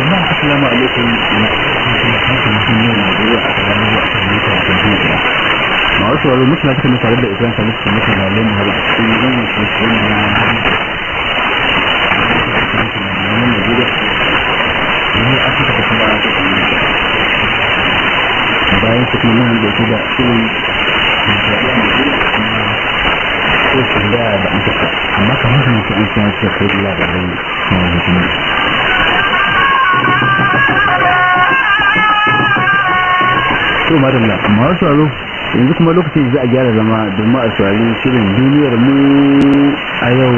جماعة السلام عليكم ما عرفت ولا مش لازم كنا تعرف ده إكرام كان لسه مثلا علم هذا الإنسان مش مسلم أنا موجودة أنا أكيد بسمع بعدين تكلمنا عن كده كل كيف ده بقى انت ما كان ممكن انت تخيل لا to madalla masu sauraro yanzu kuma lokacin za a gyara zama domin a saurari shirin duniyar mu a yau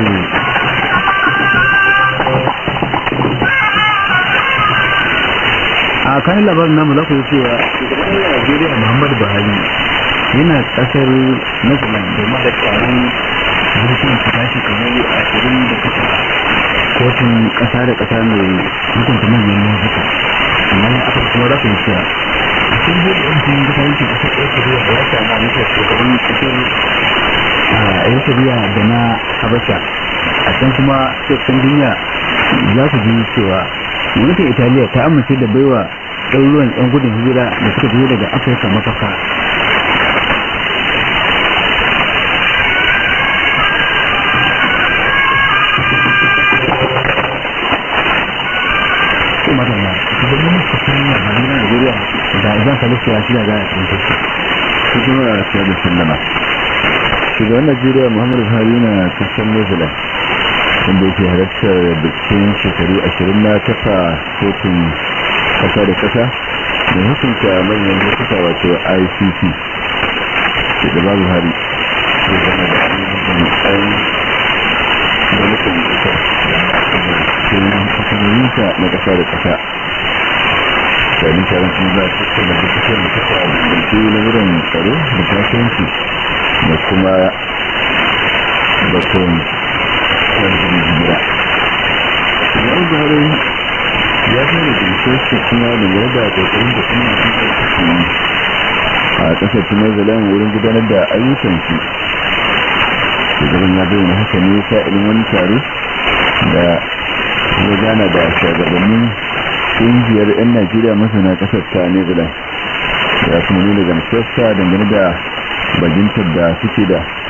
a kanin labarin namu za ku yi cewa shugaban najeriya muhammadu buhari yana kasar netherlands domin da tsaron zurfin kamar a shirin da kasa kotun kasa da kasa mai hukunta manyan mazuka amma yin aka kuma rafin shi cewa sun buɗe yankin gudanci da suka yi da ya samu amintar shugaban cikin eritrea da na habasha a can kuma cikin duniya za su ji cewa gwamnatin italiya ta amince da baiwa ɗaruruwan 'yan gudun hijira da suka biyo daga afirka mafaka kalli cewa shi da gaya sun tafi su kuma da rafiya da sallama shugaban najeriya muhammadu buhari na kasar new zealand wanda yake halartar bikin shekaru ashirin na kafa kotun kasa da kasa mai hukunta manyan lokuta wato icc shugaba buhari ko zama da ainihin tsayin da nufin kasar da hukumominsa na kasa da kasa tare tare su za su cikin da fitar da suka albarki na wurin tsaro da kasuwanci da kuma batun kwanjin jira yau zare ya zai da cikin kuma da yadda kokarin da kuma da cikin yi a ƙasar tunazalan wurin gudanar da ayyukan ayyukansu shugaban ya bayyana haka ne sa'ilin wani tare da ya gana da shugabannin kungiyar 'yan najeriya masana kasar ta netherlands ya kuma nuna gamsarsa dangane da bajintar da suke da